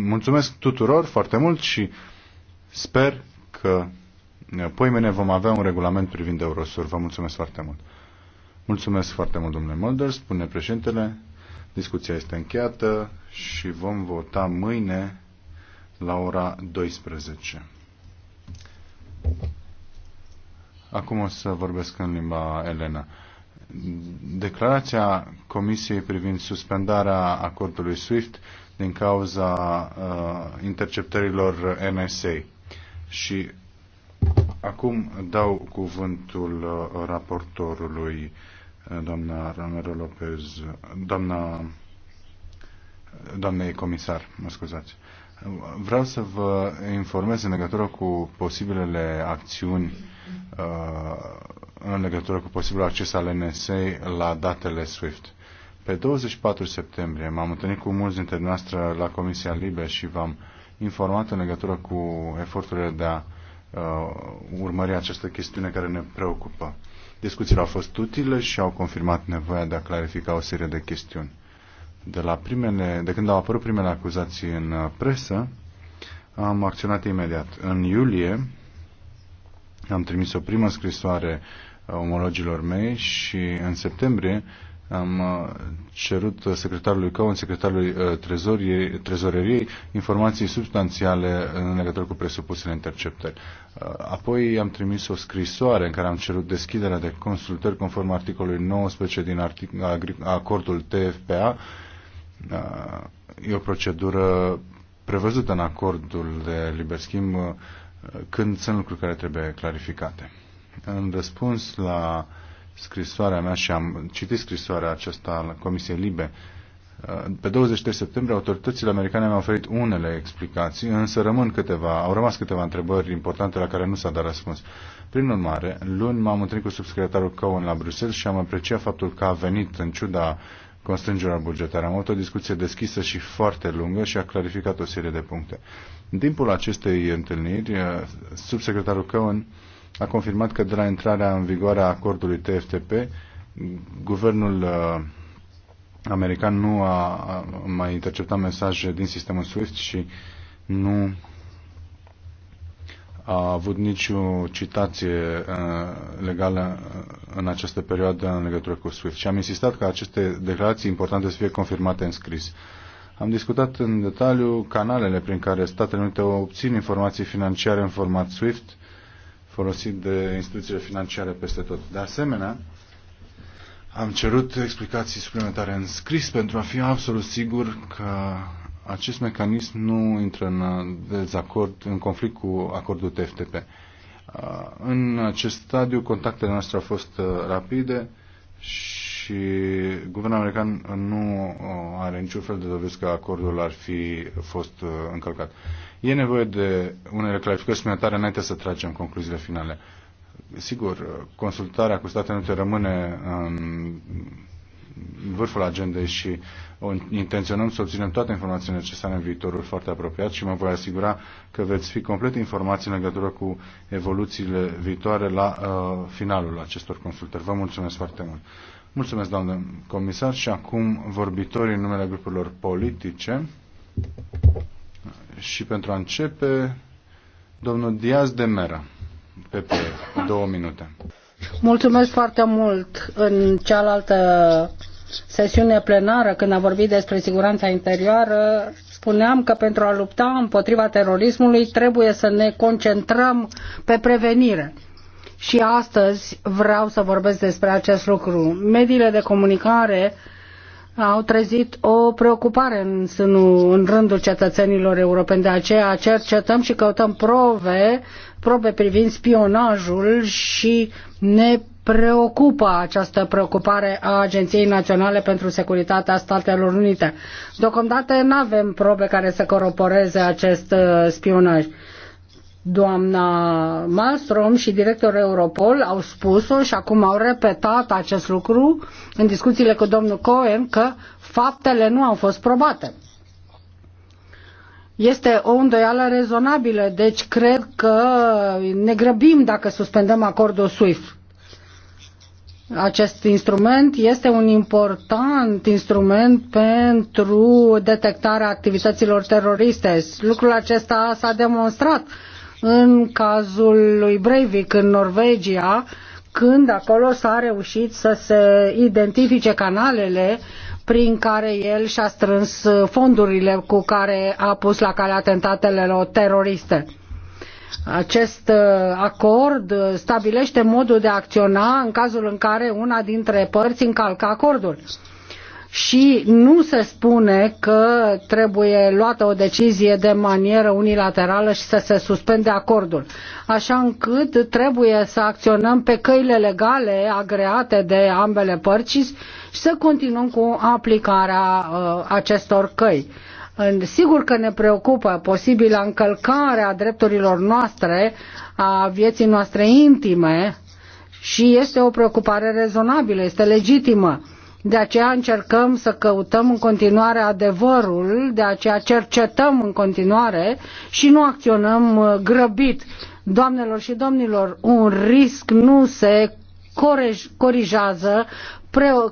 Mulțumesc tuturor foarte mult și sper că poimene vom avea un regulament privind Eurosur. Vă mulțumesc foarte mult. Mulțumesc foarte mult, domnule Mulder, spune președintele. Discuția este încheiată și vom vota mâine la ora 12. Acum o să vorbesc în limba elena. Declarația Comisiei privind suspendarea acordului SWIFT din cauza uh, interceptărilor NSA. Și acum dau cuvântul uh, raportorului, uh, doamna Romero Lopez, doamna, doamnei comisar, mă scuzați. Vreau să vă informez în legătură cu posibilele acțiuni uh, în legătură cu posibilul acces al NSA la datele SWIFT. Pe 24 septembrie m-am întâlnit cu mulți dintre noastre la Comisia Libe și v-am informat în legătură cu eforturile de a uh, urmări această chestiune care ne preocupă. Discuțiile au fost utile și au confirmat nevoia de a clarifica o serie de chestiuni. De, la primele, de când au apărut primele acuzații în uh, presă, am acționat imediat. În iulie am trimis o primă scrisoare uh, omologilor mei și în septembrie am uh, cerut uh, secretarului Cohen, secretarului uh, trezoreriei, informații substanțiale în legătură cu presupusele interceptări. Apoi am trimis o scrisoare în care am cerut deschiderea de consultări conform articolului 19 din artic- acordul TFPA. E o procedură prevăzută în acordul de liber schimb când sunt lucruri care trebuie clarificate. În răspuns la uh, scrisoarea mea și am citit scrisoarea aceasta la Comisiei Libe. Uh, pe 23 septembrie autoritățile americane mi-au oferit unele explicații, însă rămân câteva, au rămas câteva întrebări importante la care nu s-a dat răspuns. Prin urmare, luni m-am întâlnit cu subsecretarul Cohen la Bruxelles și am apreciat faptul că a venit în ciuda constrângerilor bugetare. Am avut o discuție deschisă și foarte lungă și a clarificat o serie de puncte. În timpul acestei întâlniri, uh, subsecretarul Cohen a confirmat că de la intrarea în vigoare a acordului TFTP, guvernul uh, american nu a mai interceptat mesaje din sistemul SWIFT și nu a avut nicio citație uh, legală uh, în această perioadă în legătură cu SWIFT și am insistat ca aceste declarații importante să fie confirmate în scris. Am discutat în detaliu canalele prin care Statele Unite obțin informații financiare în format SWIFT folosit de instituțiile financiare peste tot. De asemenea, am cerut explicații suplimentare în scris pentru a fi absolut sigur că acest mecanism nu intră în dezacord, în conflict cu acordul TFTP. Uh, în acest stadiu, contactele noastre au fost uh, rapide și guvernul american nu uh, are niciun fel de dovezi că acordul ar fi fost uh, încălcat. E nevoie de unele clarificări suplimentare înainte să tragem concluziile finale. Sigur, uh, consultarea cu Statele Unite rămâne în vârful agendei și intenționăm să obținem toate informațiile necesare în viitorul foarte apropiat și mă voi asigura că veți fi complet informați în legătură cu evoluțiile viitoare la uh, finalul acestor consultări. Vă mulțumesc foarte mult! Mulțumesc, doamnă comisar. Și acum vorbitorii în numele grupurilor politice. Și pentru a începe, domnul Diaz de Mera, PP, două minute. Mulțumesc foarte mult. În cealaltă sesiune plenară, când a vorbit despre siguranța interioară, spuneam că pentru a lupta împotriva terorismului trebuie să ne concentrăm pe prevenire și astăzi vreau să vorbesc despre acest lucru. Mediile de comunicare au trezit o preocupare în, sânul, în rândul cetățenilor europeni. De aceea cercetăm și căutăm probe, probe privind spionajul și ne preocupă această preocupare a Agenției Naționale pentru Securitatea Statelor Unite. Deocamdată nu avem probe care să coroporeze acest uh, spionaj. Doamna Malmström și directorul Europol au spus-o și acum au repetat acest lucru în discuțiile cu domnul Cohen că faptele nu au fost probate. Este o îndoială rezonabilă, deci cred că ne grăbim dacă suspendăm acordul SWIFT. Acest instrument este un important instrument pentru detectarea activităților teroriste. Lucrul acesta s-a demonstrat în cazul lui Breivik în Norvegia, când acolo s-a reușit să se identifice canalele prin care el și-a strâns fondurile cu care a pus la cale atentatele teroriste. Acest uh, acord stabilește modul de a acționa în cazul în care una dintre părți încalcă acordul și nu se spune că trebuie luată o decizie de manieră unilaterală și să se suspende acordul. Așa încât trebuie să acționăm pe căile legale agreate de ambele părți și să continuăm cu aplicarea uh, acestor căi. Sigur că ne preocupă posibilă încălcare a drepturilor noastre, a vieții noastre intime și este o preocupare rezonabilă, este legitimă de aceea încercăm să căutăm în continuare adevărul, de aceea cercetăm în continuare și nu acționăm uh, grăbit. Doamnelor și domnilor, un risc nu se corijează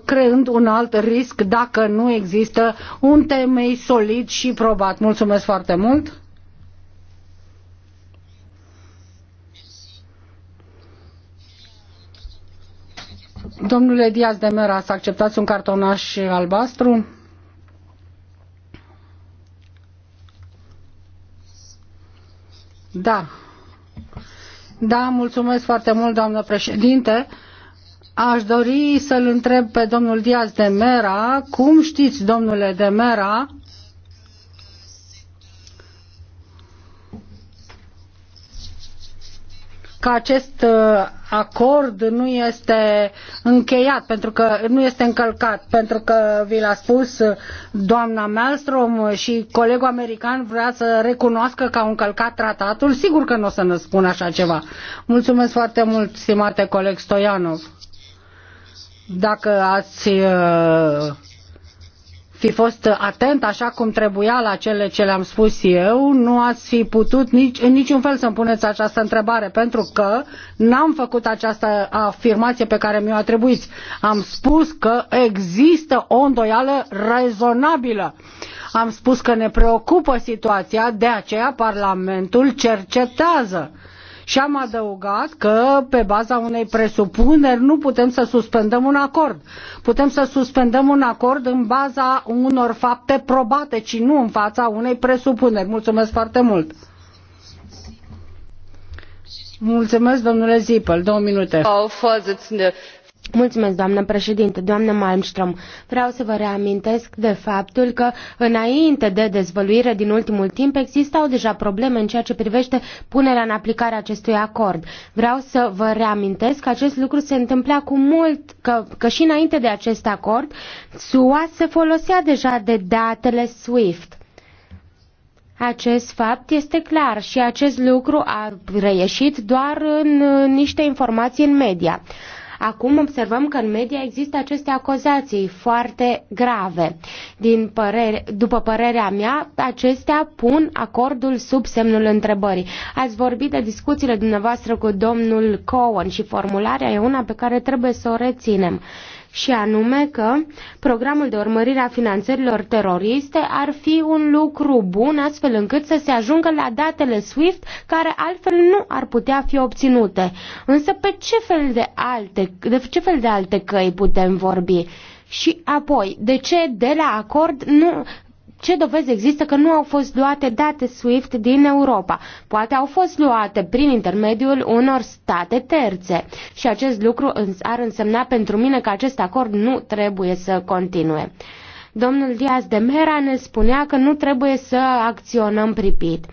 creând un alt risc dacă nu există un temei solid și probat. Mulțumesc foarte mult! Domnule Diaz de Mera, să acceptați un cartonaș albastru? Da. Da, mulțumesc foarte mult, doamnă președinte. Aș dori să-l întreb pe domnul Diaz de Mera, cum știți, domnule de Mera, că acest uh, acord nu este încheiat, pentru că nu este încălcat, pentru că vi l-a spus uh, doamna Malmström și colegul american vrea să recunoască că au încălcat tratatul. Sigur că nu o să ne spun așa ceva. Mulțumesc foarte mult, stimate coleg Stoianov. Dacă ați uh, fi fost atent așa cum trebuia la cele ce le-am spus eu, nu ați fi putut nici, în niciun fel să-mi puneți această întrebare, pentru că n-am făcut această afirmație pe care mi-o atribuiți. Am spus că există o îndoială rezonabilă. Am spus că ne preocupă situația, de aceea Parlamentul cercetează și am adăugat că pe baza unei presupuneri nu putem să suspendăm un acord. Putem să suspendăm un acord în baza unor fapte probate, ci nu în fața unei presupuneri. Mulțumesc foarte mult! Mulțumesc, domnule Zipel. Două minute. Mulțumesc, doamnă președinte, doamnă Malmström. Vreau să vă reamintesc de faptul că înainte de dezvăluire din ultimul timp existau deja probleme în ceea ce privește punerea în aplicare a acestui acord. Vreau să vă reamintesc că acest lucru se întâmpla cu mult, că, că și înainte de acest acord SUA se folosea deja de datele SWIFT. Acest fapt este clar și acest lucru a reieșit doar în niște informații în media. Acum observăm că în media există aceste acuzații foarte grave. Din părere, după părerea mea, acestea pun acordul sub semnul întrebării. Ați vorbit de discuțiile dumneavoastră cu domnul Cohen și formularea e una pe care trebuie să o reținem și anume că programul de urmărire a finanțărilor teroriste ar fi un lucru bun astfel încât să se ajungă la datele SWIFT care altfel nu ar putea fi obținute. Însă pe ce fel de alte, de ce fel de alte căi putem vorbi? Și apoi, de ce de la acord nu, ce dovezi există că nu au fost luate date SWIFT din Europa? Poate au fost luate prin intermediul unor state terțe și acest lucru ar însemna pentru mine că acest acord nu trebuie să continue. Domnul Diaz de Mera ne spunea că nu trebuie să acționăm pripit.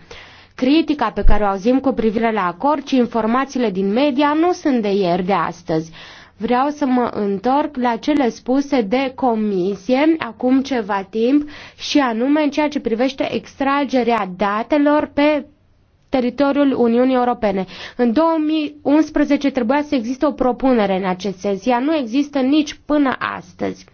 Critica pe care o auzim cu privire la acord și informațiile din media nu sunt de ieri de astăzi. Vreau să mă întorc la cele spuse de comisie acum ceva timp și anume în ceea ce privește extragerea datelor pe teritoriul Uniunii Europene. În 2011 trebuia să existe o propunere în acest sens. Ea nu există nici până astăzi.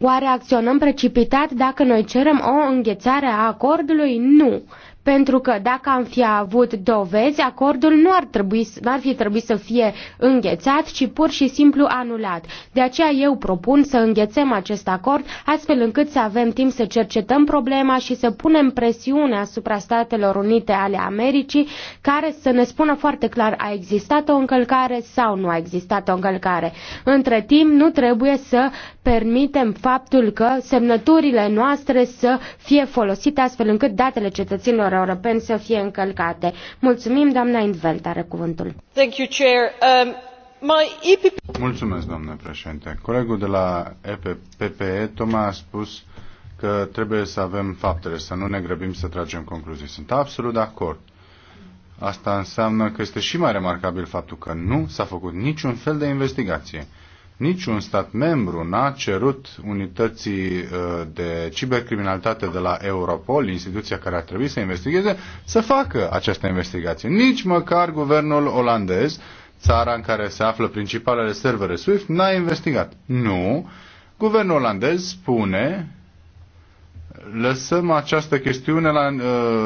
Oare acționăm precipitat dacă noi cerem o înghețare a acordului? Nu pentru că dacă am fi avut dovezi, acordul nu ar, trebui, nu ar fi trebuit să fie înghețat, ci pur și simplu anulat. De aceea eu propun să înghețem acest acord, astfel încât să avem timp să cercetăm problema și să punem presiune asupra Statelor Unite ale Americii, care să ne spună foarte clar a existat o încălcare sau nu a existat o încălcare. Între timp, nu trebuie să permitem faptul că semnăturile noastre să fie folosite astfel încât datele cetățenilor cetățenilor europeni să fie încălcate. Mulțumim, doamna Indvelt are cuvântul. Thank you, Chair. Um... Mulțumesc, domnule președinte. Colegul de la PPE, Toma, a spus că trebuie să avem faptele, să nu ne grăbim să tragem concluzii. Sunt absolut de acord. Asta înseamnă că este și mai remarcabil faptul că nu s-a făcut niciun fel de investigație. Niciun stat membru n-a cerut unității uh, de cibercriminalitate de la Europol, instituția care ar trebui să investigheze, să facă această investigație. Nici măcar guvernul olandez, țara în care se află principalele servere SWIFT, n-a investigat. Nu. Guvernul olandez spune lăsăm această chestiune la uh,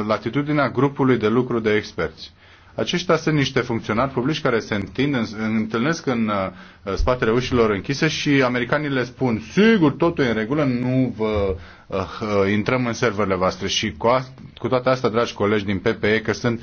latitudinea grupului de lucru de experți. Aceștia sunt niște funcționari publici care se întind, întâlnesc în uh, spatele ușilor închise și americanii le spun, sigur, totul e în regulă, nu vă uh, uh intrăm în serverele voastre. Și cu, a, cu toate astea, dragi colegi din PPE, că sunt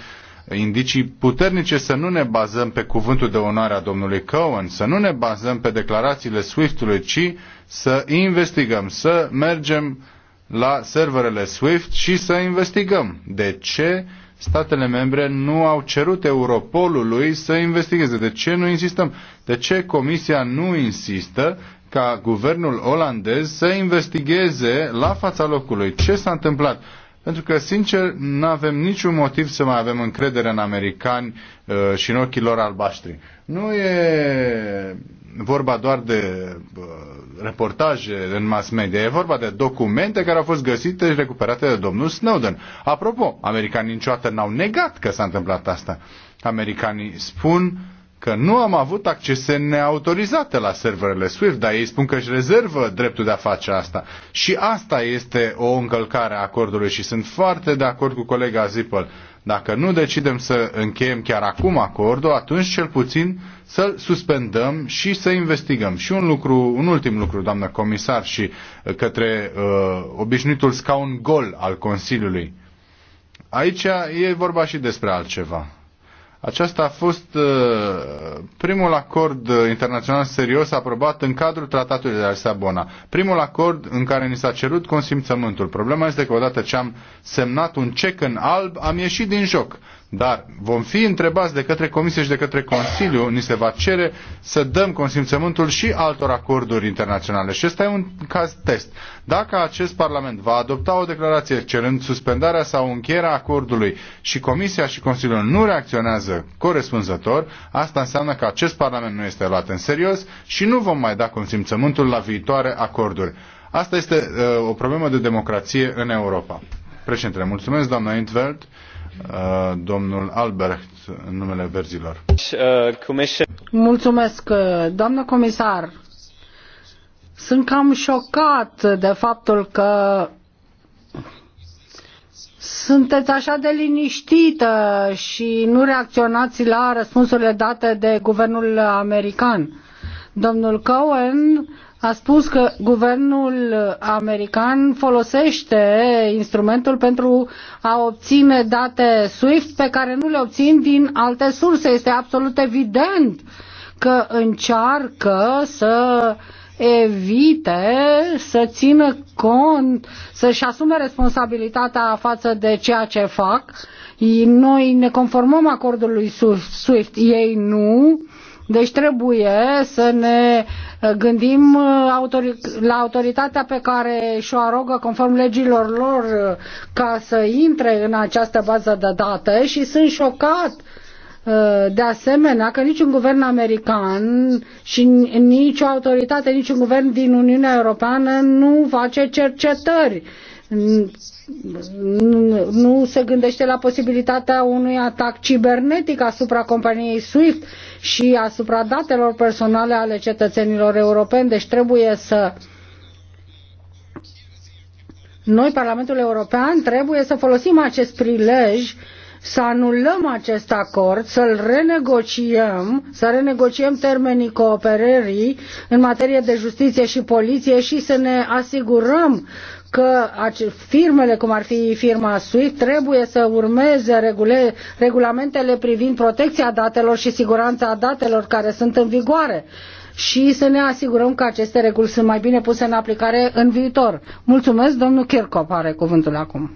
indicii puternice să nu ne bazăm pe cuvântul de onoare a domnului Cohen, să nu ne bazăm pe declarațiile Swift-ului, ci să investigăm, să mergem la serverele Swift și să investigăm de ce statele membre nu au cerut Europolului să investigheze. De ce nu insistăm? De ce Comisia nu insistă ca guvernul olandez să investigheze la fața locului ce s-a întâmplat? Pentru că, sincer, nu avem niciun motiv să mai avem încredere în americani uh, și în ochii lor albaștri. Nu e vorba doar de uh, reportaje în mass media, e vorba de documente care au fost găsite și recuperate de domnul Snowden. Apropo, americanii niciodată n-au negat că s-a întâmplat asta. Americanii spun că nu am avut accese neautorizate la serverele SWIFT, dar ei spun că își rezervă dreptul de a face asta. Și asta este o încălcare a acordului și sunt foarte de acord cu colega Zippel dacă nu decidem să încheiem chiar acum acordul, atunci cel puțin să-l suspendăm și să investigăm. Și un, lucru, un ultim lucru, doamnă comisar, și uh, către uh, obișnuitul scaun gol al Consiliului. Aici e vorba și despre altceva. Aceasta a fost uh, primul acord uh, internațional serios aprobat în cadrul tratatului de la Lisabona. Primul acord în care ni s-a cerut consimțământul. Problema este că odată ce am semnat un cec în alb, am ieșit din joc. Dar vom fi întrebați de către Comisie și de către Consiliu, ni se va cere să dăm consimțământul și altor acorduri internaționale. Și ăsta e un caz test. Dacă acest Parlament va adopta o declarație cerând suspendarea sau încheierea acordului și Comisia și Consiliul nu reacționează corespunzător, asta înseamnă că acest Parlament nu este luat în serios și nu vom mai da consimțământul la viitoare acorduri. Asta este uh, o problemă de democrație în Europa. Președinte, mulțumesc, doamna Intveld. Uh, domnul Albrecht în numele verzilor. Mulțumesc, uh, doamnă comisar. Sunt cam șocat de faptul că sunteți așa de liniștită și nu reacționați la răspunsurile date de guvernul american. Domnul Cohen a spus că guvernul american folosește instrumentul pentru a obține date SWIFT pe care nu le obțin din alte surse. Este absolut evident că încearcă să evite să țină cont, să-și asume responsabilitatea față de ceea ce fac. Noi ne conformăm acordului SWIFT, ei nu deci trebuie să ne uh, gândim uh, la autoritatea pe care și-o arogă conform legilor lor uh, ca să intre în această bază de date și sunt șocat de asemenea că niciun guvern american și nicio autoritate, niciun guvern din Uniunea Europeană nu face cercetări nu se gândește la posibilitatea unui atac cibernetic asupra companiei SWIFT și asupra datelor personale ale cetățenilor europeni. Deci trebuie să noi, Parlamentul European, trebuie să folosim acest prilej să anulăm acest acord, să-l renegociem, să renegociem termenii cooperării în materie de justiție și poliție și să ne asigurăm că firmele, cum ar fi firma SWIFT, trebuie să urmeze regule, regulamentele privind protecția datelor și siguranța datelor care sunt în vigoare și să ne asigurăm că aceste reguli sunt mai bine puse în aplicare în viitor. Mulțumesc, domnul Kirchhoff are cuvântul acum.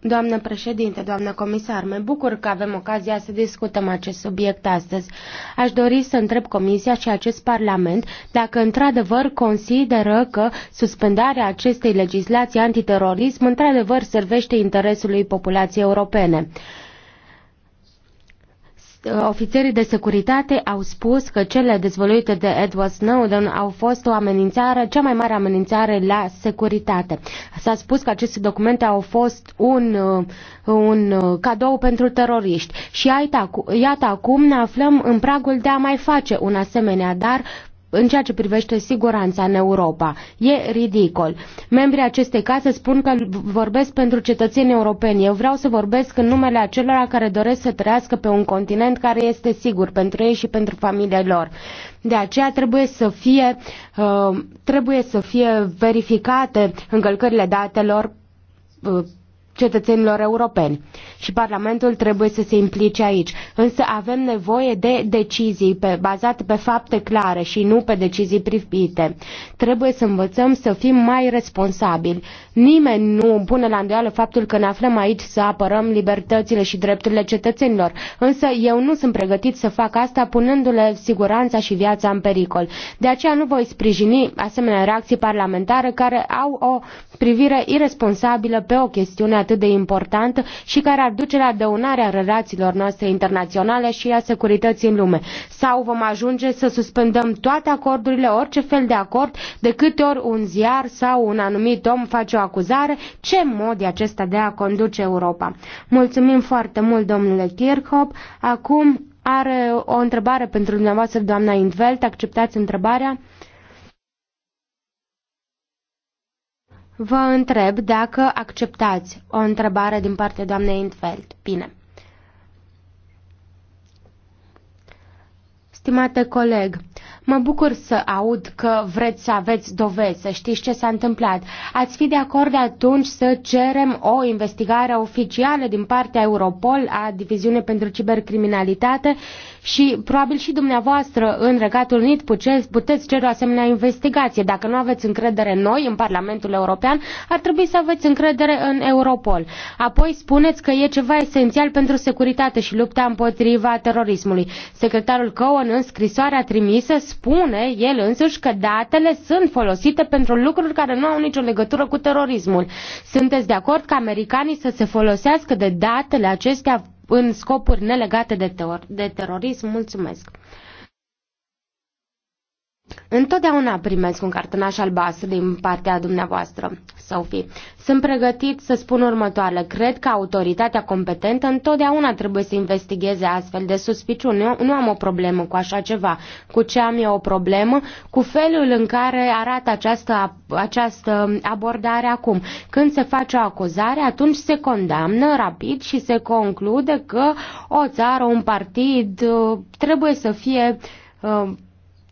Doamnă președinte, doamnă comisar, mă bucur că avem ocazia să discutăm acest subiect astăzi. Aș dori să întreb Comisia și acest Parlament dacă într-adevăr consideră că suspendarea acestei legislații antiterorism într-adevăr servește interesului populației europene ofițerii de securitate au spus că cele dezvăluite de Edward Snowden au fost o amenințare, cea mai mare amenințare la securitate. S-a spus că aceste documente au fost un, uh, un uh, cadou pentru teroriști și iată, iată acum ne aflăm în pragul de a mai face un asemenea dar în ceea ce privește siguranța în Europa. E ridicol. Membrii acestei case spun că vorbesc pentru cetățenii europeni. Eu vreau să vorbesc în numele acelora care doresc să trăiască pe un continent care este sigur pentru ei și pentru familiile lor. De aceea trebuie să fie, uh, trebuie să fie verificate încălcările datelor uh, cetățenilor europeni și Parlamentul trebuie să se implice aici. Însă avem nevoie de decizii pe, bazate pe fapte clare și nu pe decizii privite. Trebuie să învățăm să fim mai responsabili. Nimeni nu pune la îndoială faptul că ne aflăm aici să apărăm libertățile și drepturile cetățenilor. Însă eu nu sunt pregătit să fac asta punându-le siguranța și viața în pericol. De aceea nu voi sprijini asemenea reacții parlamentare care au o privire irresponsabilă pe o chestiune atât atât de important și care ar duce la dăunarea relațiilor noastre internaționale și a securității în lume. Sau vom ajunge să suspendăm toate acordurile, orice fel de acord, de câte ori un ziar sau un anumit om face o acuzare, ce mod e acesta de a conduce Europa. Mulțumim foarte mult, domnule Kirchhoff. Acum are o întrebare pentru dumneavoastră, doamna Intveld. Acceptați întrebarea? Vă întreb dacă acceptați o întrebare din partea doamnei Intfeld. Bine. Stimate coleg, Mă bucur să aud că vreți să aveți dovezi, să știți ce s-a întâmplat. Ați fi de acord atunci să cerem o investigare oficială din partea Europol a Diviziunii pentru Cibercriminalitate și probabil și dumneavoastră în Regatul Unit puteți, puteți cere o asemenea investigație. Dacă nu aveți încredere în noi, în Parlamentul European, ar trebui să aveți încredere în Europol. Apoi spuneți că e ceva esențial pentru securitate și lupta împotriva terorismului. Secretarul Cohen în scrisoarea trimisă spune el însuși că datele sunt folosite pentru lucruri care nu au nicio legătură cu terorismul. Sunteți de acord că americanii să se folosească de datele acestea în scopuri nelegate de, de terorism? Mulțumesc! Întotdeauna primesc un cartonaș albastru din partea dumneavoastră, Sophie. Sunt pregătit să spun următoarele. Cred că autoritatea competentă întotdeauna trebuie să investigheze astfel de suspiciuni. Nu, nu am o problemă cu așa ceva. Cu ce am eu o problemă? Cu felul în care arată această, această abordare acum. Când se face o acuzare, atunci se condamnă rapid și se conclude că o țară, un partid uh, trebuie să fie uh,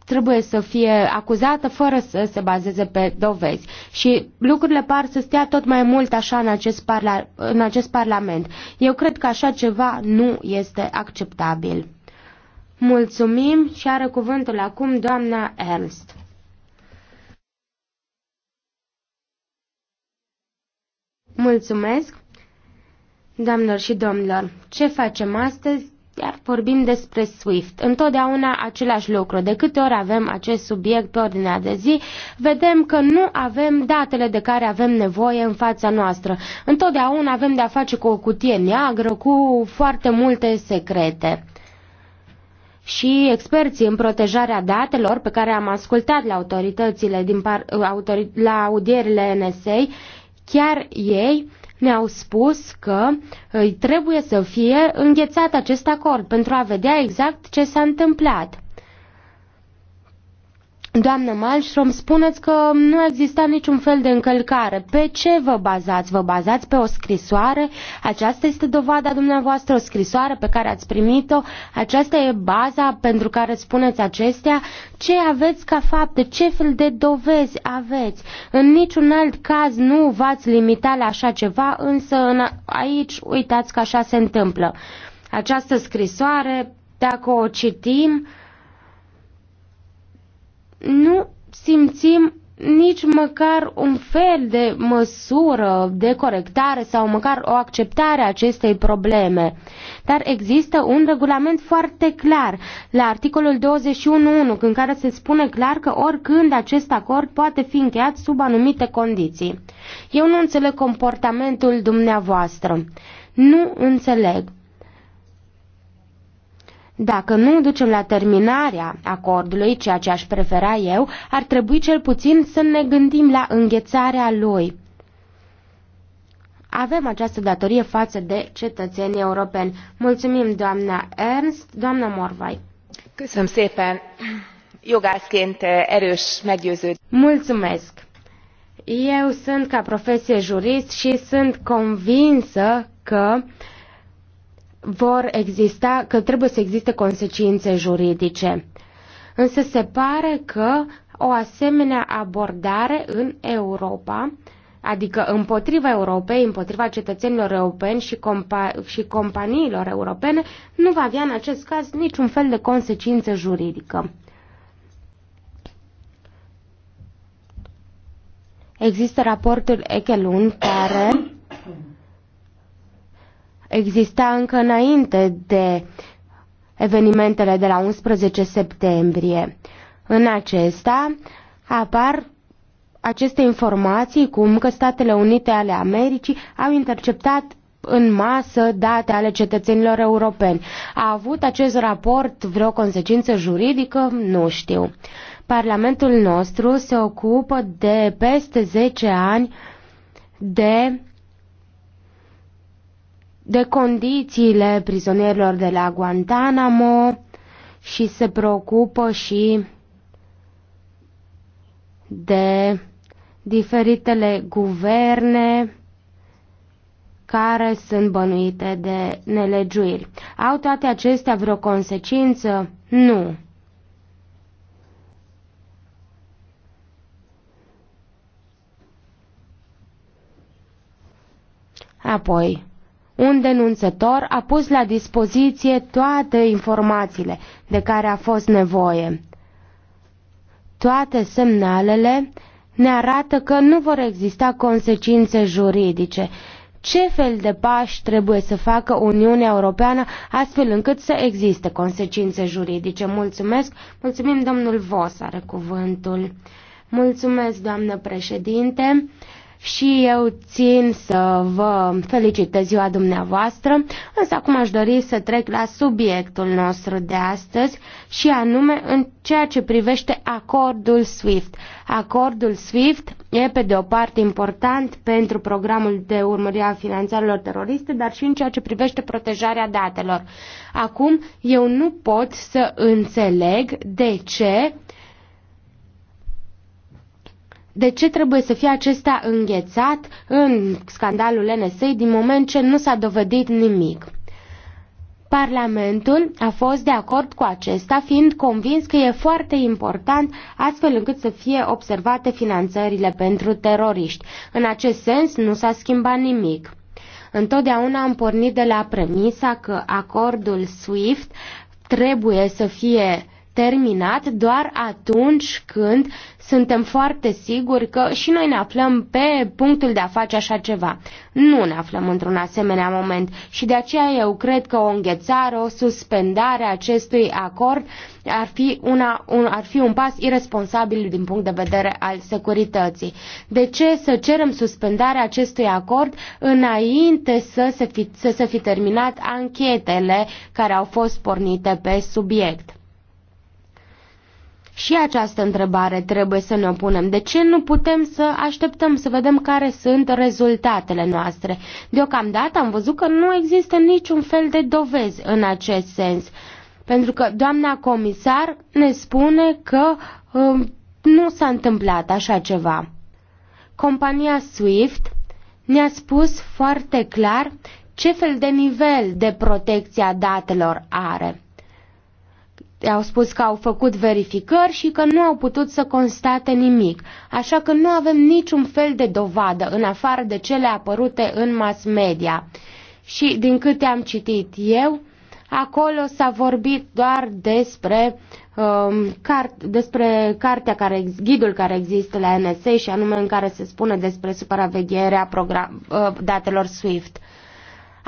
trebuie să fie acuzată fără să se bazeze pe dovezi. Și lucrurile par să stea tot mai mult așa în acest, parla- în acest Parlament. Eu cred că așa ceva nu este acceptabil. Mulțumim și are cuvântul acum doamna Ernst. Mulțumesc! Doamnelor și domnilor, ce facem astăzi iar vorbim despre SWIFT. Întotdeauna același lucru. De câte ori avem acest subiect pe ordinea de zi, vedem că nu avem datele de care avem nevoie în fața noastră. Întotdeauna avem de-a face cu o cutie neagră, cu foarte multe secrete și experții în protejarea datelor pe care am ascultat la autoritățile din par, autori, la audierile NSA, chiar ei ne-au spus că trebuie să fie înghețat acest acord pentru a vedea exact ce s-a întâmplat. Doamnă Malmström, spuneți că nu exista niciun fel de încălcare. Pe ce vă bazați? Vă bazați pe o scrisoare? Aceasta este dovada dumneavoastră, o scrisoare pe care ați primit-o? Aceasta e baza pentru care spuneți acestea? Ce aveți ca fapte? Ce fel de dovezi aveți? În niciun alt caz nu v-ați limita la așa ceva, însă aici uitați că așa se întâmplă. Această scrisoare, dacă o citim, uh, nu simțim nici măcar un fel de măsură de corectare sau măcar o acceptare a acestei probleme. Dar există un regulament foarte clar la articolul 21.1 în care se spune clar că oricând acest acord poate fi încheiat sub anumite condiții. Eu nu înțeleg comportamentul dumneavoastră. Nu înțeleg. Dacă nu ducem la terminarea acordului, ceea ce aș prefera eu, ar trebui cel puțin să ne gândim la înghețarea lui. Avem această datorie față de cetățenii europeni. Mulțumim, doamna Ernst, doamna Morvai. Köszönöm szépen. Jogászként eh, erős meggyőződ. Mulțumesc. Eu sunt ca profesie jurist și sunt convinsă că uh, vor exista, că trebuie să existe consecințe juridice. Însă se pare că o asemenea abordare în Europa, adică împotriva Europei, împotriva cetățenilor europeni și, compa- și companiilor europene, nu va avea în acest caz niciun fel de consecință juridică. Există raportul Ekelund care exista încă înainte de evenimentele de la 11 septembrie. În acesta apar aceste informații cum că Statele Unite ale Americii au interceptat în masă date ale cetățenilor europeni. A avut acest raport vreo consecință juridică? Nu știu. Parlamentul nostru se ocupă de peste 10 ani de de condițiile prizonierilor de la Guantanamo și se preocupă și de diferitele guverne care sunt bănuite de nelegiuiri. Au toate acestea vreo consecință? Nu. Apoi, un denunțător a pus la dispoziție toate informațiile de care a fost nevoie. Toate semnalele ne arată că nu vor exista consecințe juridice. Ce fel de pași trebuie să facă Uniunea Europeană astfel încât să existe consecințe juridice? Mulțumesc! Mulțumim, domnul Vos are cuvântul. Mulțumesc, doamnă președinte! și eu țin să vă felicit de ziua dumneavoastră, însă acum aș dori să trec la subiectul nostru de astăzi și anume în ceea ce privește acordul SWIFT. Acordul SWIFT e pe de o parte important pentru programul de urmărire a finanțărilor teroriste, dar și în ceea ce privește protejarea datelor. Acum eu nu pot să înțeleg de ce de ce trebuie să fie acesta înghețat în scandalul NSA din moment ce nu s-a dovedit nimic? Parlamentul a fost de acord cu acesta, fiind convins că e foarte important astfel încât să fie observate finanțările pentru teroriști. În acest sens nu s-a schimbat nimic. Întotdeauna am pornit de la premisa că acordul SWIFT trebuie să fie terminat doar atunci când suntem foarte siguri că și noi ne aflăm pe punctul de a face așa ceva. Nu ne aflăm într-un asemenea moment și de aceea eu cred că o înghețare, o suspendare a acestui acord ar fi, una, un, ar fi un pas irresponsabil din punct de vedere al securității. De ce să cerem suspendarea acestui acord înainte să se fi, să se fi terminat anchetele care au fost pornite pe subiect? Și această întrebare trebuie să ne opunem. De ce nu putem să așteptăm să vedem care sunt rezultatele noastre? Deocamdată am văzut că nu există niciun fel de dovezi în acest sens. Pentru că doamna comisar ne spune că uh, nu s-a întâmplat așa ceva. Compania Swift ne-a spus foarte clar ce fel de nivel de protecție a datelor are au spus că au făcut verificări și că nu au putut să constate nimic, așa că nu avem niciun fel de dovadă în afară de cele apărute în mass media. Și din câte am citit eu, acolo s-a vorbit doar despre, um, cart, despre cartea care, ghidul care există la NSA și anume în care se spune despre supravegherea program, uh, datelor SWIFT.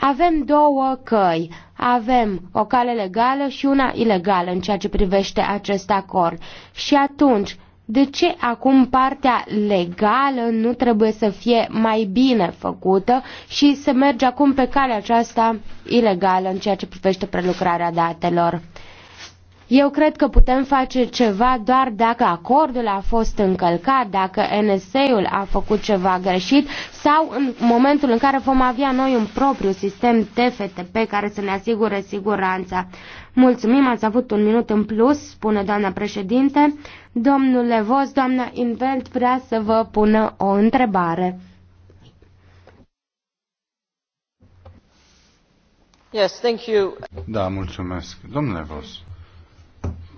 Avem două căi. Avem o cale legală și una ilegală în ceea ce privește acest acord. Și atunci, de ce acum partea legală nu trebuie să fie mai bine făcută și să merge acum pe calea aceasta ilegală în ceea ce privește prelucrarea datelor? Eu cred că putem face ceva doar dacă acordul a fost încălcat, dacă NSA-ul a făcut ceva greșit sau în momentul în care vom avea noi un propriu sistem TFTP care să ne asigure siguranța. Mulțumim, ați avut un minut în plus, spune doamna președinte. Domnule Vos, doamna Invelt vrea să vă pună o întrebare. Yes, thank you. Da, mulțumesc. Domnule Vos,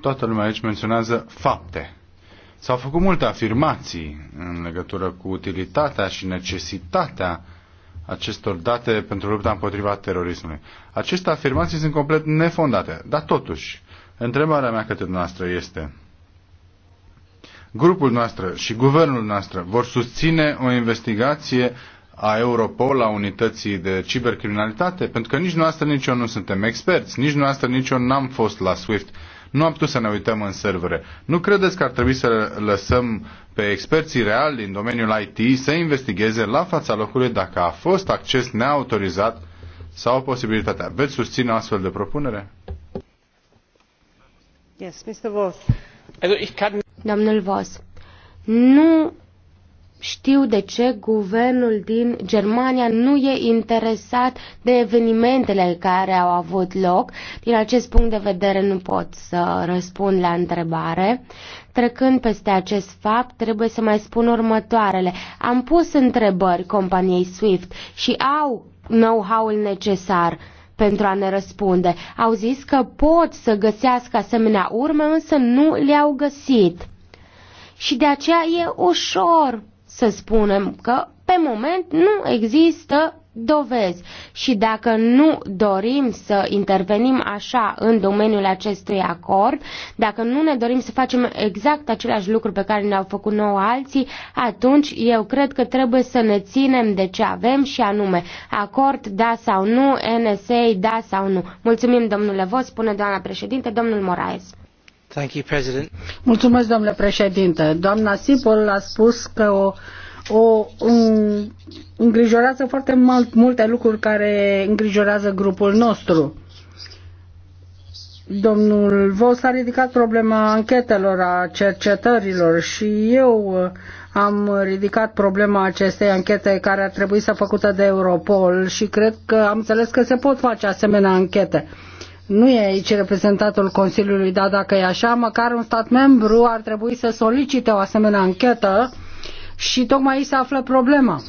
Toată lumea aici menționează fapte. S-au făcut multe afirmații în legătură cu utilitatea și necesitatea acestor date pentru lupta împotriva terorismului. Aceste afirmații sunt complet nefondate, dar totuși, întrebarea mea către dumneavoastră este grupul noastră și guvernul noastră vor susține o investigație a Europol, a unității de cibercriminalitate? Pentru că nici noastră, nici eu nu suntem experți, nici noastră, nici eu n-am fost la SWIFT. Nu am putut să ne uităm în servere. Nu credeți că ar trebui să lăsăm pe experții reali din domeniul IT să investigheze la fața locului dacă a fost acces neautorizat sau posibilitatea. Veți susține astfel de propunere? Yes, Mr. Voss. Domnul Voss, nu știu de ce guvernul din Germania nu e interesat de evenimentele care au avut loc. Din acest punct de vedere nu pot să răspund la întrebare. Trecând peste acest fapt, trebuie să mai spun următoarele. Am pus întrebări companiei SWIFT și au know-how-ul necesar pentru a ne răspunde. Au zis că pot să găsească asemenea urme, însă nu le-au găsit. Și de aceea e ușor să spunem că pe moment nu există dovezi și dacă nu dorim să intervenim așa în domeniul acestui acord, dacă nu ne dorim să facem exact același lucru pe care ne-au făcut nouă alții, atunci eu cred că trebuie să ne ținem de ce avem și anume acord da sau nu, NSA da sau nu. Mulțumim domnule Vos, spune doamna președinte, domnul Moraes. Mulțumesc, domnule președinte. Doamna Sipol a spus că o, îngrijorează foarte mult, multe lucruri care îngrijorează grupul nostru. Domnul voss a ridicat problema anchetelor, a cercetărilor și eu uh, am ridicat problema acestei anchete care ar trebui să făcută de Europol și cred că am înțeles că se pot face asemenea anchete. Nu e aici reprezentatul Consiliului, dar dacă e așa, măcar un stat membru ar trebui să solicite o asemenea anchetă și tocmai aici se află problema.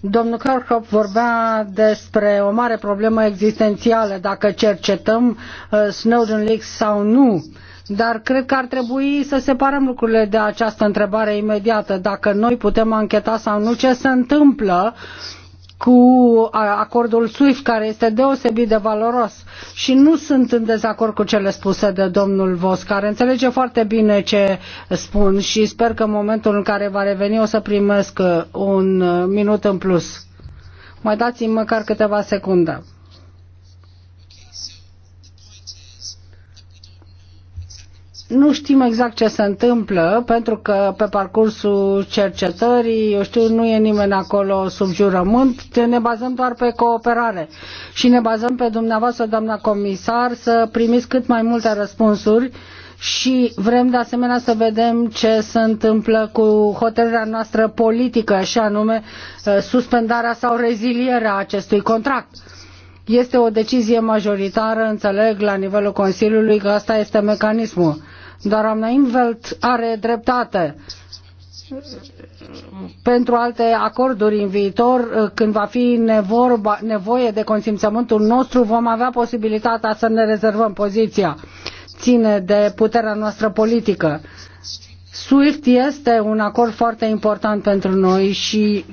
Domnul Kirchhoff vorbea despre o mare problemă existențială, dacă cercetăm uh, Snowden Leaks sau nu. Dar cred că ar trebui să separăm lucrurile de această întrebare imediată, dacă noi putem ancheta sau nu ce se întâmplă uh, cu acordul SWIFT, care este deosebit de valoros. Și nu sunt în dezacord cu cele spuse de domnul Vos, care înțelege foarte bine ce spun și sper că în momentul în care va reveni o să primesc uh, un uh, minut în plus. Mai dați-mi măcar câteva secunde. nu știm exact ce se întâmplă, pentru că pe parcursul cercetării, eu știu, nu e nimeni acolo sub jurământ, ne bazăm doar pe cooperare și ne bazăm pe dumneavoastră, doamna comisar, să primiți cât mai multe răspunsuri și vrem de asemenea să vedem ce se întâmplă cu hotărârea noastră politică și anume eh, suspendarea sau rezilierea acestui contract. Este o decizie majoritară, înțeleg, la nivelul Consiliului că asta este mecanismul Doamna Invelt are dreptate pentru alte acorduri în viitor, când va fi nevorba, nevoie de consimțământul nostru, vom avea posibilitatea să ne rezervăm poziția. Ține de puterea noastră politică. SWIFT este un acord foarte important pentru noi și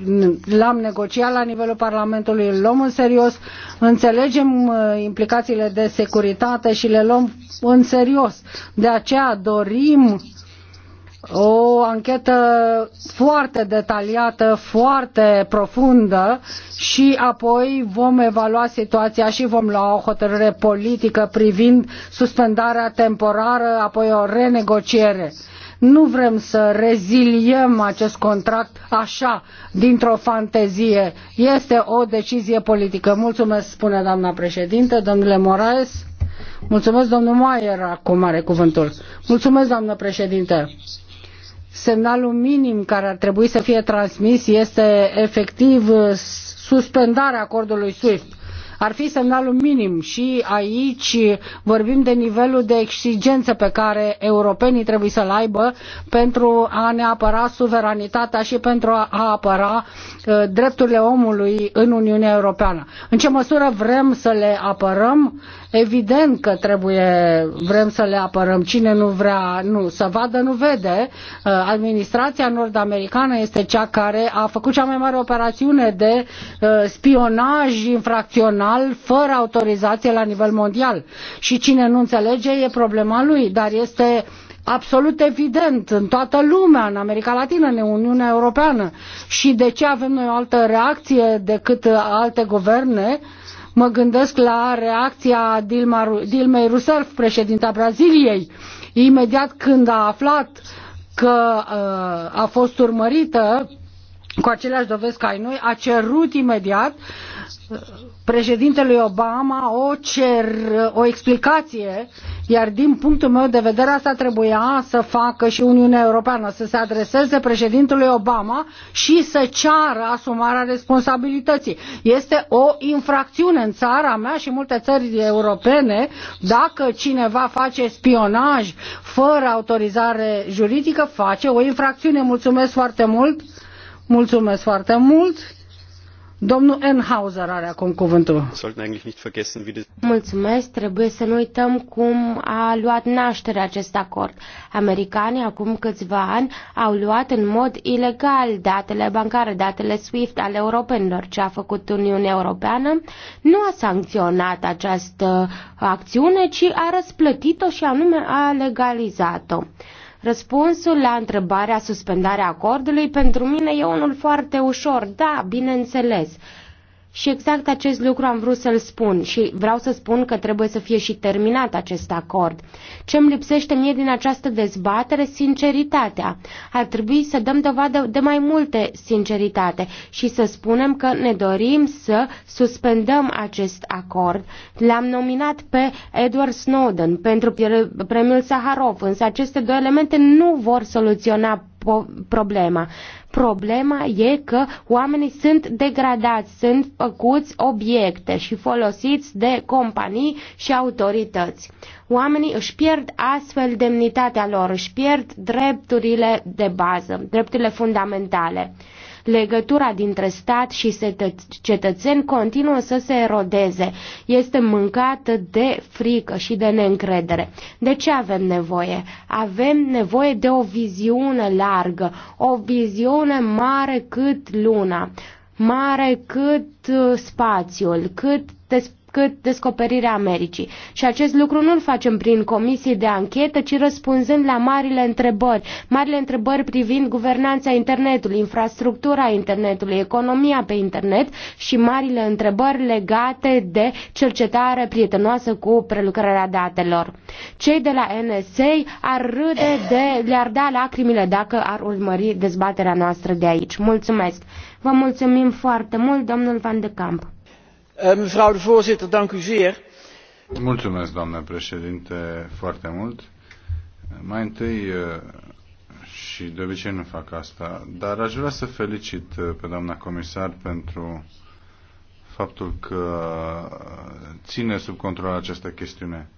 l-am negociat la nivelul Parlamentului, îl luăm în serios, înțelegem uh, implicațiile de securitate și le luăm în serios. De aceea dorim o anchetă foarte detaliată, foarte profundă și apoi vom evalua situația și vom lua o hotărâre politică privind suspendarea temporară, apoi o renegociere. Nu vrem să reziliem acest contract așa, dintr-o fantezie. Este o decizie politică. Mulțumesc, spune doamna președinte, domnule Moraes. Mulțumesc, domnul Maier, acum are cuvântul. Mulțumesc, doamnă președinte semnalul minim care ar trebui să fie transmis este efectiv suspendarea acordului SWIFT ar fi semnalul minim și aici vorbim de nivelul de exigență pe care europenii trebuie să-l aibă pentru a ne apăra suveranitatea și pentru a apăra uh, drepturile omului în Uniunea Europeană. În ce măsură vrem să le apărăm Evident că trebuie, vrem să le apărăm. Cine nu vrea nu, să vadă, nu vede. Uh, administrația nord-americană este cea care a făcut cea mai mare operațiune de uh, spionaj infracțional fără autorizație la nivel mondial. Și cine nu înțelege e problema lui, dar este absolut evident în toată lumea, în America Latină, în Uniunea Europeană. Și de ce avem noi o altă reacție decât uh, alte guverne? Uh, Mă gândesc la reacția Dilma, Dilmei Rousseff, președinta Braziliei, imediat când a aflat că uh, a fost urmărită cu aceleași dovezi ca ai noi, a cerut imediat uh, președintelui Obama o, cer, o explicație uh, iar din punctul meu de vedere asta trebuia să facă și Uniunea Europeană, să se adreseze președintelui Obama și să ceară asumarea responsabilității. Este o infracțiune în țara mea și multe țări europene dacă cineva face spionaj fără autorizare juridică, face o infracțiune. Mulțumesc foarte mult! Mulțumesc foarte mult! Domnul Enhauser are acum cuvântul. Mulțumesc, trebuie să nu uităm cum a luat naștere acest acord. Americanii acum câțiva ani au luat în mod ilegal datele bancare, datele SWIFT ale europenilor. Ce a făcut Uniunea Europeană nu a sancționat această acțiune, ci a răsplătit-o și anume a legalizat-o. Răspunsul la întrebarea suspendarea acordului pentru mine e unul foarte ușor. Da, bineînțeles. Și exact acest lucru am vrut să-l spun și vreau să spun că trebuie să fie și terminat acest acord. Ce îmi lipsește mie din această dezbatere? Sinceritatea. Ar trebui să dăm dovadă de mai multe sinceritate și să spunem că ne dorim să suspendăm acest acord. L-am nominat pe Edward Snowden pentru premiul Saharov, însă aceste două elemente nu vor soluționa problema. Problema e că oamenii sunt degradați, sunt făcuți obiecte și folosiți de companii și autorități. Oamenii își pierd astfel demnitatea lor, își pierd drepturile de bază, drepturile fundamentale legătura dintre stat și cetățeni continuă să se erodeze. Este mâncată de frică și de neîncredere. De ce avem nevoie? Avem nevoie de o viziune largă, o viziune mare cât luna, mare cât uh, spațiul, cât cât descoperirea Americii. Și acest lucru nu-l facem prin comisii de anchetă, ci răspunzând la marile întrebări. Marile întrebări privind guvernanța internetului, infrastructura internetului, economia pe internet și marile întrebări legate de cercetare prietenoasă cu prelucrarea datelor. Cei de la NSA ar râde de, le-ar da lacrimile dacă ar urmări dezbaterea noastră de aici. Mulțumesc! Vă mulțumim foarte mult, domnul Van de Camp. Eh, mevrouw de voorzitter, dank u zeer. Mulțumesc, doamnă președinte, foarte mult. Mai întâi, eh, și de obicei nu fac asta, dar aș vrea să felicit eh, pe doamna comisar pentru faptul că ține sub control această chestiune.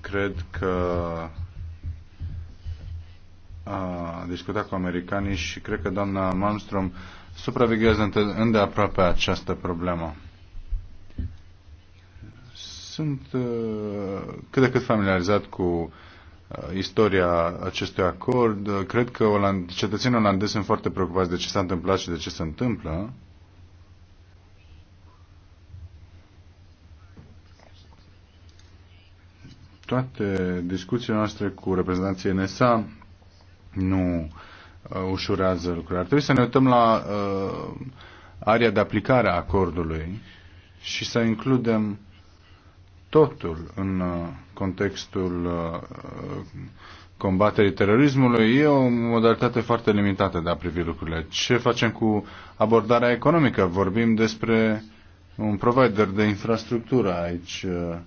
Cred că a discutat cu americanii și cred că doamna Malmström supraveghează îndeaproape această problemă. Sunt uh, cât de cât familiarizat cu uh, istoria acestui acord. Uh, cred că oland... cetățenii olandezi sunt foarte preocupați de ce s-a întâmplat și de ce se întâmplă. Toate discuțiile noastre cu reprezentanții NSA nu ușurează lucrurile. Ar trebui să ne uităm la uh, area de aplicare a acordului și să includem totul în uh, contextul uh, combaterii terorismului e o modalitate foarte limitată de a privi lucrurile. Ce facem cu abordarea economică? Vorbim despre un provider de infrastructură aici uh,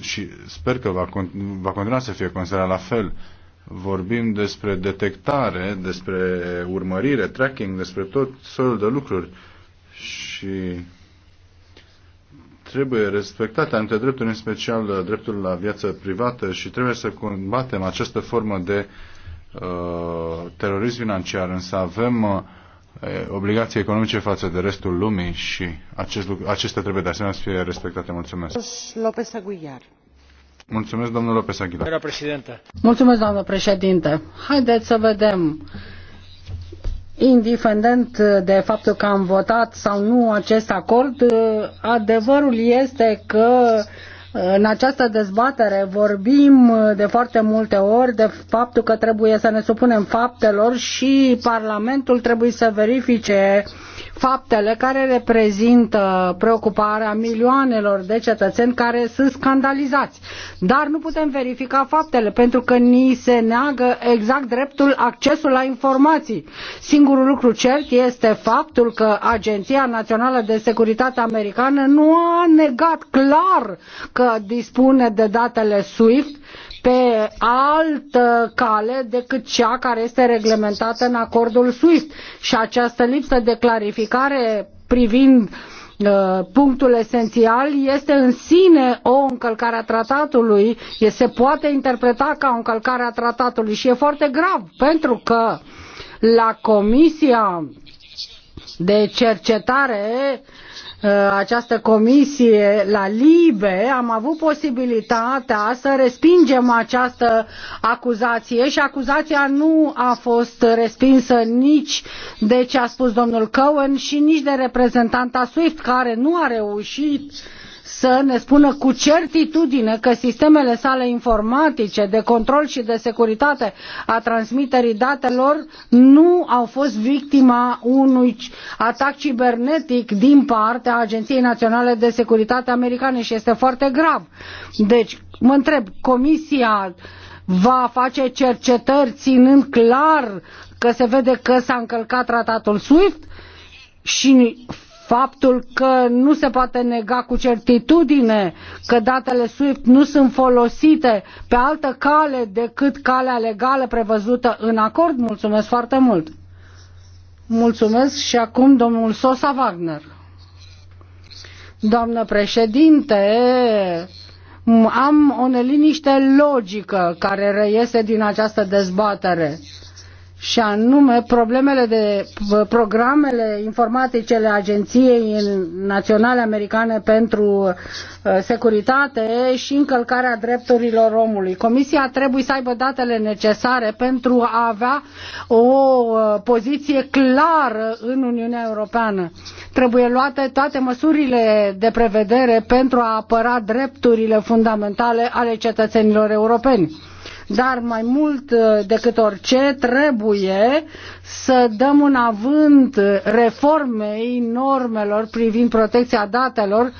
și sper că va, va continua să fie considerat la fel. Vorbim despre detectare, despre urmărire, tracking, despre tot soiul de lucruri și trebuie respectate anumite drepturi, în special uh, dreptul la viață privată și trebuie să combatem această formă de uh, terorism financiar, însă avem uh, obligații economice față de restul lumii și acest lucru, acestea trebuie de asemenea să fie respectate. Mulțumesc. Lopez Aguilar. Mulțumesc, domnul Lopez Aguilar. Mulțumesc, doamnă președinte. Haideți să vedem indiferent uh, de faptul că am votat sau nu acest acord, uh, adevărul este că uh, în această dezbatere vorbim de foarte multe ori de faptul că trebuie să ne supunem faptelor și Parlamentul trebuie să verifice faptele care reprezintă preocuparea milioanelor de cetățeni care sunt scandalizați. Dar nu putem verifica faptele pentru că ni se neagă exact dreptul accesul la informații. Singurul lucru cert este faptul că Agenția Națională de Securitate Americană nu a negat clar că dispune de datele SWIFT pe altă cale decât cea care este reglementată în acordul SWIFT. Și această lipsă de clarificare privind uh, punctul esențial este în sine o încălcare a tratatului, se poate interpreta ca o încălcare a tratatului și e foarte grav pentru că la Comisia de Cercetare Uh, această comisie la Libe, am avut posibilitatea să respingem această acuzație și acuzația nu a fost respinsă nici de ce a spus domnul Cohen și nici de reprezentanta SWIFT, care nu a reușit uh, să ne spună cu certitudine că sistemele sale informatice de control și de securitate a transmiterii datelor nu au fost victima unui atac cibernetic din partea Agenției Naționale de Securitate Americane și este foarte grav. Deci, mă întreb, Comisia va face cercetări ținând clar că se vede că s-a încălcat tratatul SWIFT și faptul că nu se poate nega cu certitudine că datele SWIFT nu sunt folosite pe altă cale decât calea legală prevăzută în acord. Mulțumesc foarte mult! Mulțumesc și acum domnul Sosa Wagner. Doamnă președinte, am o neliniște logică care reiese din această dezbatere și anume problemele de programele informatice ale Agenției Naționale Americane pentru uh, Securitate și încălcarea drepturilor omului. Comisia trebuie să aibă datele necesare pentru a avea o uh, poziție clară în Uniunea Europeană. Trebuie luate toate măsurile de prevedere pentru a apăra drepturile fundamentale ale cetățenilor europeni dar mai mult uh, decât orice trebuie să dăm un avânt reformei normelor privind protecția datelor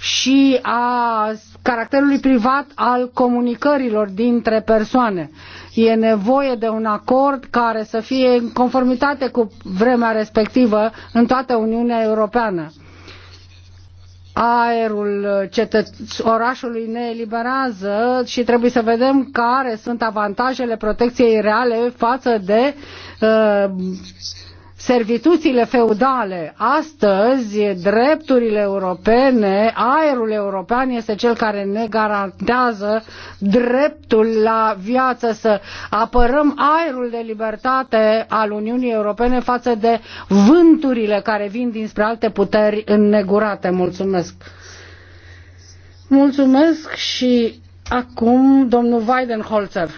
și a caracterului privat al comunicărilor dintre persoane. E nevoie de un acord care să fie în conformitate cu vremea respectivă în toată Uniunea Europeană aerul cetăț- orașului ne eliberează și trebuie să vedem care sunt avantajele protecției reale față de uh, servituțiile feudale. Astăzi, drepturile europene, aerul european este cel care ne garantează dreptul la viață, să apărăm aerul de libertate al Uniunii Europene față de vânturile care vin dinspre alte puteri înnegurate. Mulțumesc! Mulțumesc și acum domnul Weidenholzer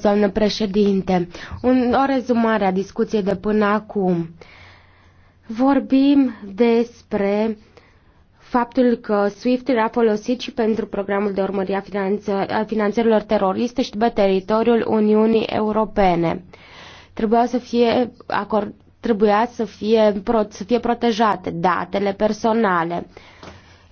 doamnă președinte. Un, o rezumare a discuției de până acum. Vorbim despre faptul că SWIFT era folosit și pentru programul de urmărire a, finanță, a finanțărilor teroriste și pe teritoriul Uniunii Europene. Trebuia să fie acord, trebuia să fie, să fie protejate datele personale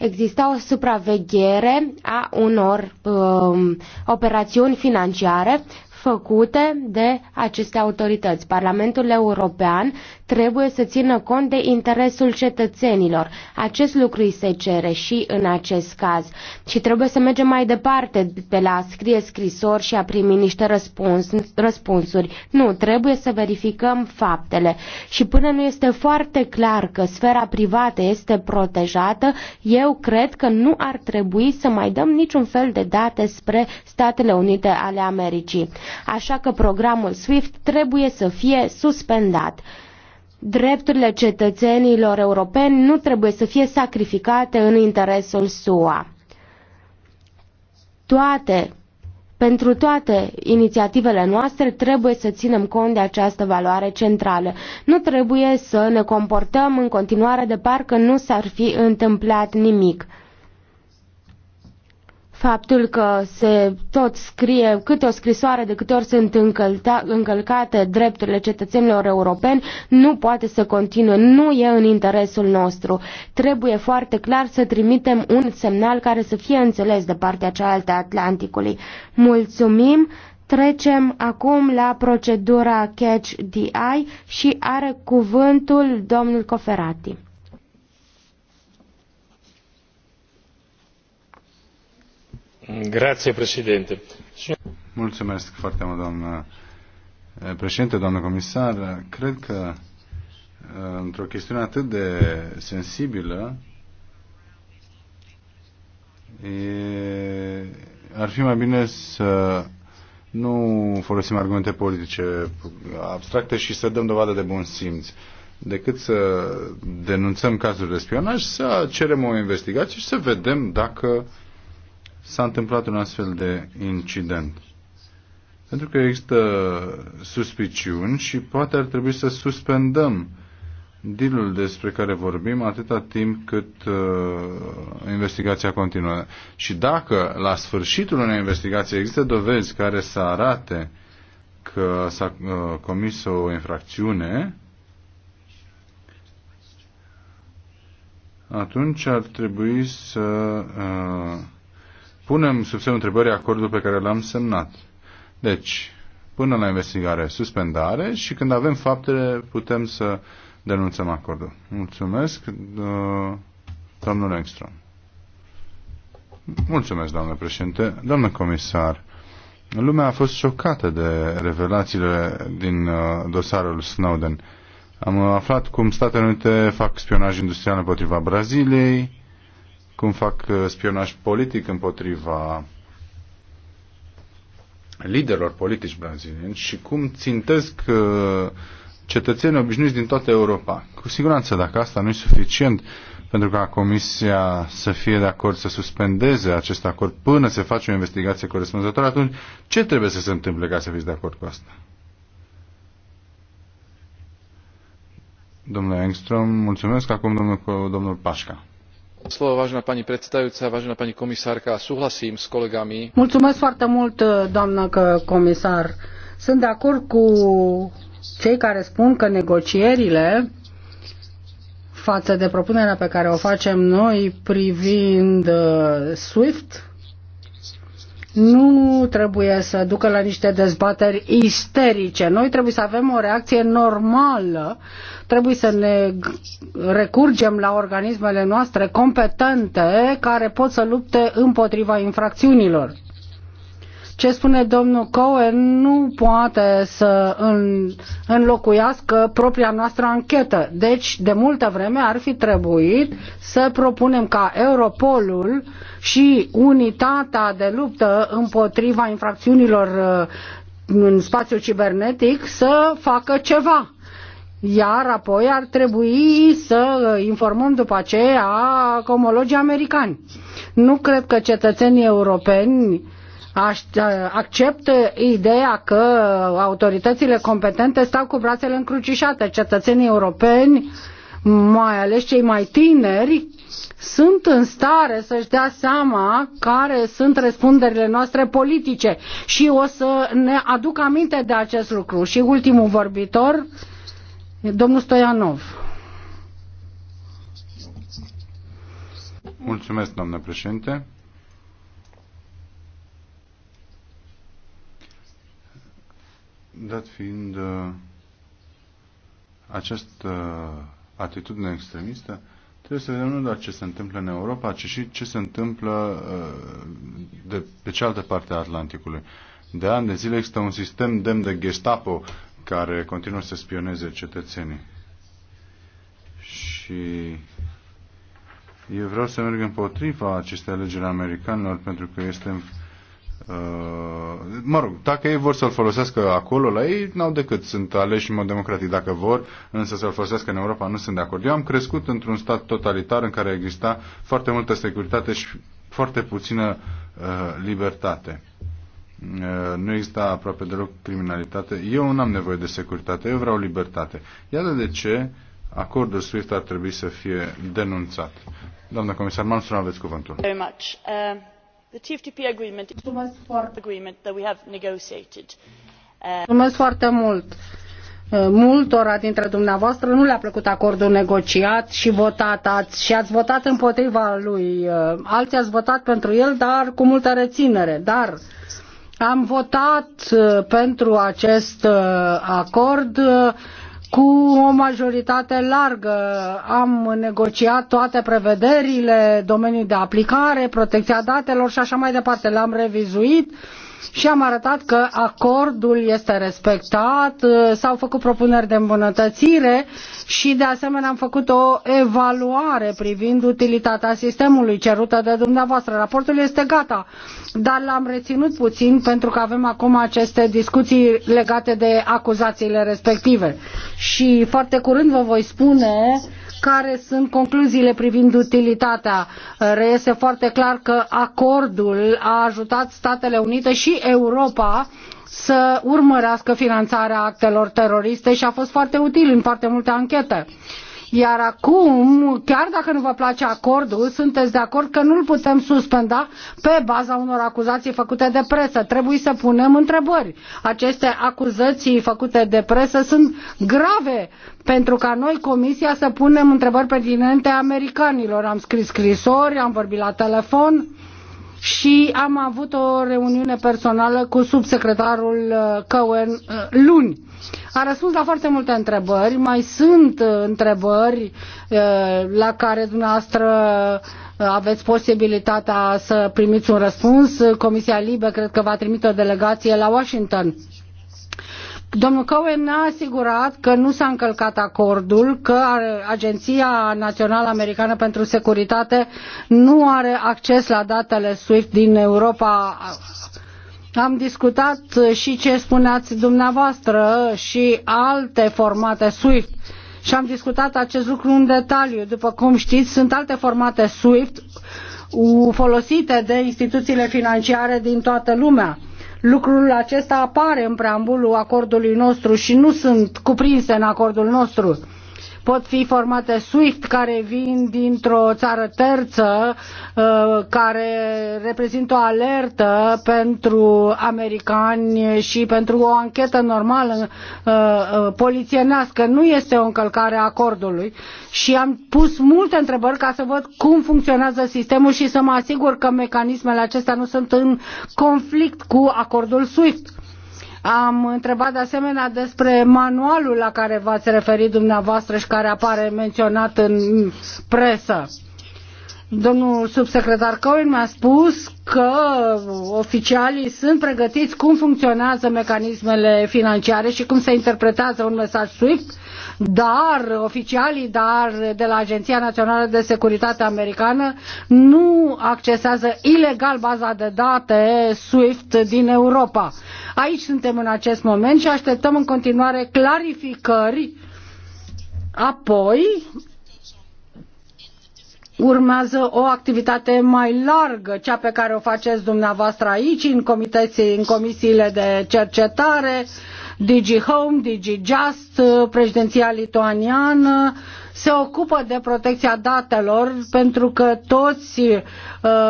exista o supraveghere a unor um, operațiuni financiare făcute de aceste autorități. Parlamentul European trebuie să țină cont de interesul cetățenilor. Acest lucru îi se cere și în acest caz. Și trebuie să mergem mai departe de la a scrie scrisori și a primi niște răspuns, răspunsuri. Nu, trebuie să verificăm faptele. Și până nu este foarte clar că sfera privată este protejată, eu cred că nu ar trebui să mai dăm niciun fel de date spre Statele Unite ale Americii așa că programul SWIFT trebuie să fie suspendat. Drepturile cetățenilor europeni nu trebuie să fie sacrificate în interesul SUA. Toate pentru toate inițiativele noastre trebuie să ținem cont de această valoare centrală. Nu trebuie să ne comportăm în continuare de parcă nu s-ar fi întâmplat nimic faptul că se tot scrie câte o scrisoare de câte ori sunt încălta, încălcate drepturile cetățenilor europeni nu poate să continue, nu e în interesul nostru. Trebuie foarte clar să trimitem un semnal care să fie înțeles de partea cealaltă a Atlanticului. Mulțumim! Trecem acum la procedura Catch the Eye și are cuvântul domnul Coferati. președinte. Mulțumesc foarte mult, doamnă eh, președinte, doamnă comisar. Cred că eh, într-o chestiune atât de sensibilă, e, ar fi mai bine să nu folosim argumente politice abstracte și să dăm dovadă de bun simț decât să denunțăm cazuri de spionaj, să cerem o investigație și să vedem dacă s-a întâmplat un astfel de incident? Pentru că există suspiciuni și poate ar trebui să suspendăm dealul despre care vorbim atâta timp cât uh, investigația continuă. Și dacă la sfârșitul unei investigații există dovezi care să arate că s-a uh, comis o infracțiune, atunci ar trebui să uh, punem sub semnul întrebării acordul pe care l-am semnat. Deci, până la investigare, suspendare și când avem faptele, putem să denunțăm acordul. Mulțumesc, domnul Engstrom. Mulțumesc, doamnă președinte. Doamnă comisar, lumea a fost șocată de revelațiile din uh, dosarul Snowden. Am aflat cum Statele Unite fac spionaj industrial împotriva Braziliei, cum fac uh, spionaj politic împotriva liderilor politici brazilieni și cum țintesc uh, cetățenii obișnuiți din toată Europa. Cu siguranță, dacă asta nu e suficient pentru ca Comisia să fie de acord să suspendeze acest acord până se face o investigație corespunzătoare, atunci ce trebuie să se întâmple ca să fiți de acord cu asta? Domnule Engström, mulțumesc. Acum domnul, domnul Pașca. Mulțumesc foarte mult, doamnă comisar. Sunt de acord cu cei care spun că negocierile față de propunerea pe care o facem noi privind uh, SWIFT nu trebuie să ducă la niște dezbateri isterice. Noi trebuie să avem o reacție normală, trebuie să ne recurgem la organismele noastre competente care pot să lupte împotriva infracțiunilor ce spune domnul Cohen nu poate să înlocuiască propria noastră anchetă. Deci, de multă vreme ar fi trebuit să propunem ca Europolul și unitatea de luptă împotriva infracțiunilor uh, în spațiul cibernetic să facă ceva iar apoi ar trebui să informăm după aceea comologii americani. Nu cred că cetățenii europeni Ă, accept ideea că autoritățile competente stau cu brațele încrucișate. Cetățenii europeni, mai ales cei mai tineri, sunt în stare să-și dea seama care sunt răspunderile noastre politice și o să ne aduc aminte de acest lucru. Și ultimul vorbitor, domnul Stoianov. Mulțumesc, doamnă președinte. dat fiind uh, această atitudine extremistă, trebuie să vedem nu doar ce se întâmplă în Europa, ci și ce se întâmplă uh, de pe cealaltă parte a Atlanticului. De ani de zile există un sistem demn de Gestapo care continuă să spioneze cetățenii. Și eu vreau să merg împotriva acestei alegeri americanilor pentru că este Uh, mă rog, dacă ei vor să-l folosească acolo la ei, n-au decât, sunt aleși în mod democratic. Dacă vor, însă să-l folosească în Europa, nu sunt de acord. Eu am crescut într-un stat totalitar în care exista foarte multă securitate și foarte puțină uh, libertate. Uh, nu exista aproape deloc criminalitate. Eu nu am nevoie de securitate, eu vreau libertate. Iată de ce acordul SWIFT ar trebui să fie denunțat. Doamna comisar Manson, aveți cuvântul. Very much. Uh the tftp agreement is the agreement that we have negotiated. Uh, Mulțumesc foarte mult. Uh, multora dintre dumneavoastră nu le-a plăcut acordul negociat și votat ați, și ați votat împotriva lui. Uh, alții ați votat pentru el, dar cu multă reținere. Dar am votat pentru acest acord cu o majoritate largă. Am negociat toate prevederile, domeniul de aplicare, protecția datelor și așa mai departe. Le-am revizuit și am arătat că acordul este respectat, uh, s-au făcut propuneri de îmbunătățire și de asemenea am făcut o evaluare privind utilitatea sistemului cerută de dumneavoastră. Raportul este gata, dar l-am reținut puțin pentru că avem acum aceste discuții legate de acuzațiile respective. Și foarte curând vă voi spune uh, care sunt concluziile privind utilitatea. Reiese foarte clar că acordul a ajutat Statele Unite și Europa să urmărească finanțarea actelor teroriste și a fost foarte util în foarte multe anchete. Iar acum, chiar dacă nu vă place acordul, sunteți de acord că nu-l putem suspenda pe baza unor acuzații făcute de presă. Trebuie să punem întrebări. Aceste acuzații făcute de presă sunt grave pentru ca noi, Comisia, să punem întrebări pertinente americanilor. Am scris scrisori, am vorbit la telefon și am avut o reuniune personală cu subsecretarul uh, Cohen uh, luni. A răspuns la foarte multe întrebări, mai sunt uh, întrebări la care dumneavoastră aveți posibilitatea să primiți un răspuns. Comisia Libe cred că va trimite o delegație la Washington Domnul Cohen ne-a asigurat că nu s-a încălcat acordul, că Agenția Națională Americană pentru Securitate nu are acces la datele SWIFT din Europa. Am discutat și ce spuneați dumneavoastră și alte formate SWIFT și am discutat acest lucru în detaliu. După cum știți, sunt alte formate SWIFT folosite de instituțiile financiare din toată lumea Lucrul acesta apare în preambulul acordului nostru și nu sunt cuprinse în acordul nostru pot fi formate SWIFT care vin dintr-o țară terță uh, care reprezintă o alertă pentru americani și pentru o anchetă normală uh, uh, polițienească. Nu este o încălcare a acordului și am pus multe întrebări ca să văd cum funcționează sistemul și să mă asigur că mecanismele acestea nu sunt în conflict cu acordul SWIFT am întrebat de asemenea despre manualul la care v-ați referit dumneavoastră și care apare menționat în presă. Domnul subsecretar Cohen mi-a spus că oficialii sunt pregătiți cum funcționează mecanismele financiare și cum se interpretează un mesaj SWIFT, dar oficialii dar de la Agenția Națională de Securitate Americană nu accesează ilegal baza de date SWIFT din Europa. Aici suntem în acest moment și așteptăm în continuare clarificări. Apoi urmează o activitate mai largă, cea pe care o faceți dumneavoastră aici, în, comitete, în comisiile de cercetare, DigiHome, DigiJust, președinția lituaniană se ocupă de protecția datelor pentru că toți uh,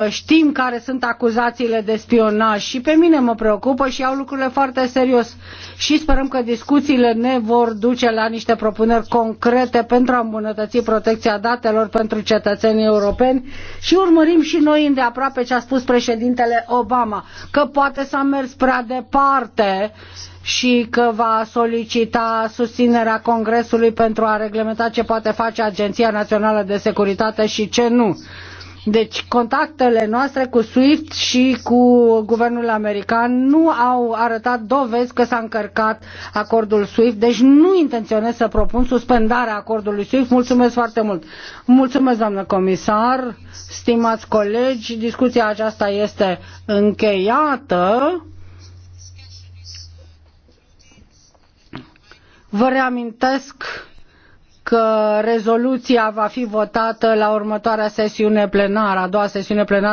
știm care sunt acuzațiile de spionaj și pe mine mă preocupă și iau lucrurile foarte serios și sperăm că discuțiile ne vor duce la niște propuneri concrete pentru a îmbunătăți protecția datelor pentru cetățenii europeni și urmărim și noi îndeaproape ce a spus președintele Obama, că poate s-a mers prea departe uh, și că va solicita susținerea Congresului pentru a reglementa ce poate face Agenția Națională de Securitate și ce nu. Deci contactele noastre cu SWIFT și cu guvernul american nu au arătat dovezi că s-a încărcat acordul SWIFT, deci nu intenționez să propun suspendarea acordului SWIFT. Mulțumesc foarte mult. Mulțumesc, doamnă comisar, stimați colegi, discuția aceasta este încheiată. Vă reamintesc că rezoluția va fi votată la următoarea sesiune plenară, a doua sesiune plenară